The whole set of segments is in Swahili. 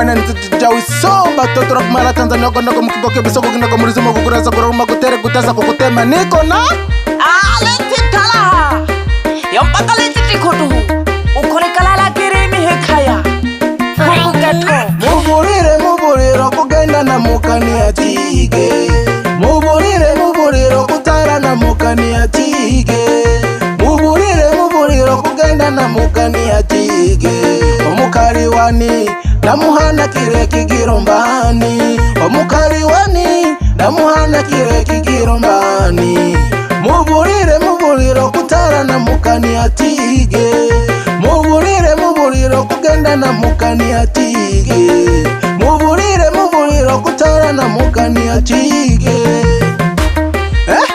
wana nititijauisomba toto na kumala tanzania konogo mkigoke bisoko kinogo mulizimo kukuraza kuruma kutere kutaza kukutema niko na alentitalaha yampakaletitikutu ukorekalala kirimi hekaya kukuketo mubulire mubuliro kugenda na mukani atige mubulire mubuliro kutara na mukani atige mubulire mubuliro kugenda na mukani atige omukali wani ndamuhana kire kigirombani omukaliwani ndamuhana kire kigirombani mubulire mubuliro kutarana mukani atige mubulire mubuliro kugenda na mukani atige mubulire mubuliro kutara mukani atige eh?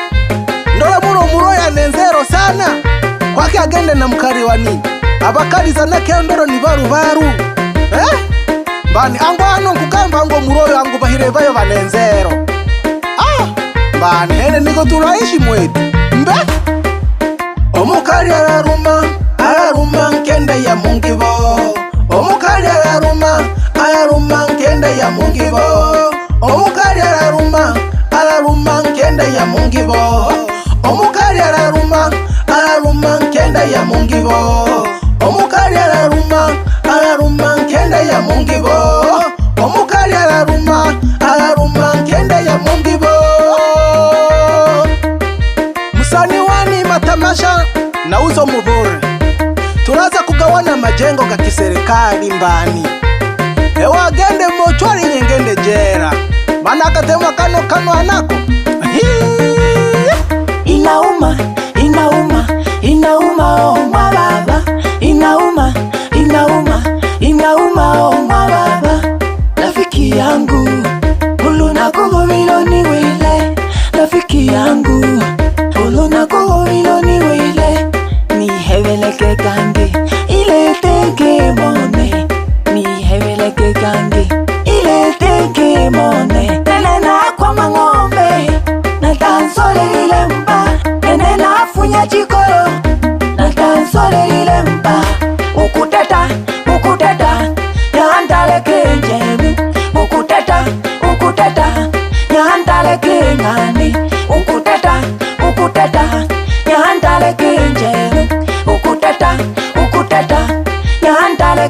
ndola muno muroya nenzero sana kwake agende na mukaliwani abakaliza nakendoro ni varuvaru eh? bani angwano ngukamba ngo muroyo angu bahire bayo banenzero ah bani hene niko turaishi mwetu mbe omukari araruma araruma nkende ya mungibo omukari araruma araruma nkende ya mungibo omukari araruma araruma nkende ya mungibo omukari araruma araruma nkende ya mungibo omukari araruma araruma nkende ya mungibo uzo mubore turaza kugawana majengo ga kiserikali mbani ewe agende mochwari nyengende jera mana akatema kano kano anako inauma inauma inauma oh mwa inauma inauma inauma oh mwa rafiki yangu uluna kugo milioni wile rafiki yangu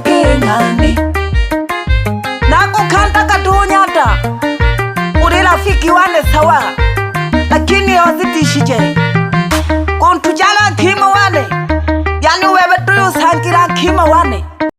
King'ani nakukanta katuhunyata uri rafiki wane sawa lakini yozitishije